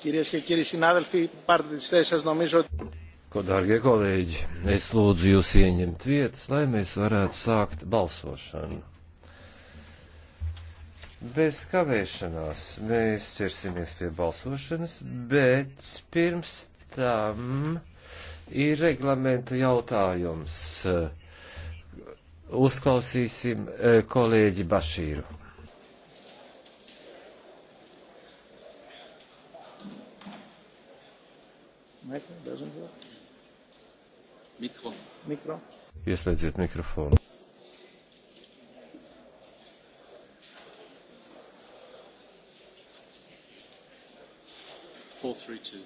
Κυρίες και κύριοι συνάδελφοι, πάρτε τις θέσεις σας νομίζω ότι... Ko, dārgie kolēģi, es lūdzu jūs ieņemt vietas, lai mēs varētu sākt balsošanu. Bez kavēšanās mēs ķersimies pie balsošanas, bet pirms tam ir reglamenta jautājums. Uzklausīsim eh, kolēģi Bašīru. Mikro. Mikro. Ieslēdziet mikrofonu. 432.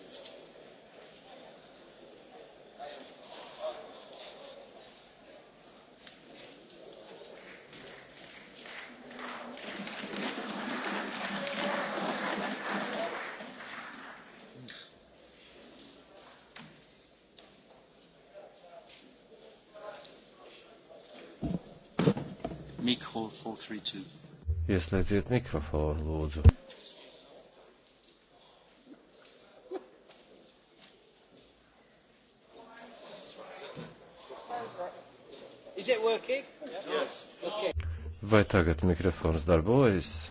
Mikro 432. Ieslēdziet mikrofonu, lūdzu. Vai tagad mikrofons darbojas?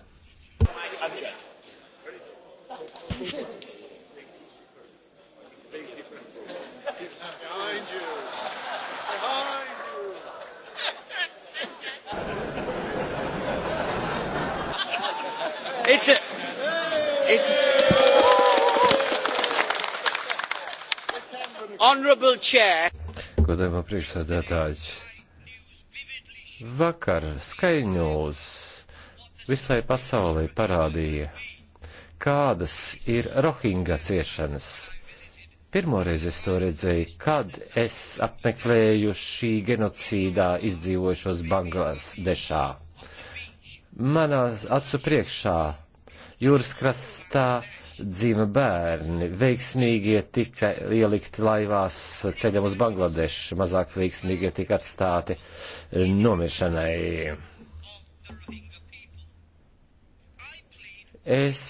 It's a, it's a, honorable chair. Godējumā priekšsēdētāji. Vakar skaņūs visai pasaulē parādīja, kādas ir rohinga ciešanas. Pirmoreiz es to redzēju, kad es apmeklēju šī genocīdā izdzīvojušos Bangladešā. Manā acu priekšā jūras krastā dzima bērni, veiksmīgie tika ielikti laivās ceļam uz Bangladešu, mazāk veiksmīgie tika atstāti nomiršanai. Es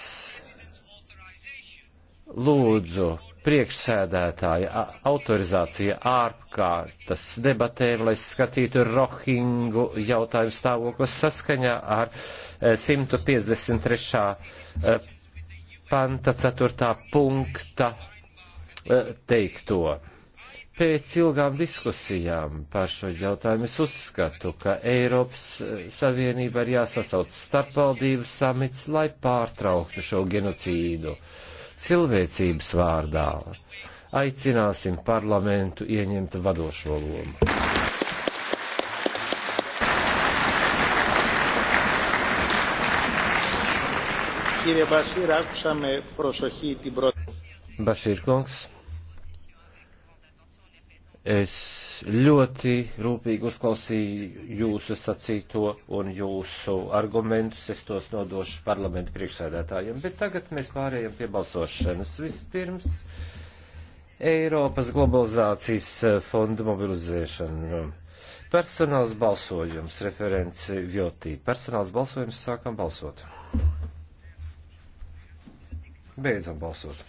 lūdzu priekšsēdētāja autorizācija ārkārtas debatēm, lai skatītu rohingu jautājumu stāvoklis saskaņā ar 153 eh, panta 4. punkta e, teikto. Pēc ilgām diskusijām par šo jautājumu es uzskatu, ka Eiropas e, Savienība ir jāsasauc starpvaldību samits, lai pārtrauktu šo genocīdu cilvēcības vārdā. Aicināsim parlamentu ieņemt vadošo lomu. Κύριε Μπασίρ, άκουσα με προσοχή την πρόταση. Μπασίρ Κόγκς, es ļoti rūpīgi uzklausīju jūsu sacīto un jūsu argumentus, es tos nodošu parlamentu priekšsēdētājiem, bet tagad mēs pārējām pie balsošanas. Vispirms Eiropas globalizācijas fonda mobilizēšana. Personāls balsojums, referenci Vjotī. Personāls balsojums, sākam balsot. Beidzam balsot.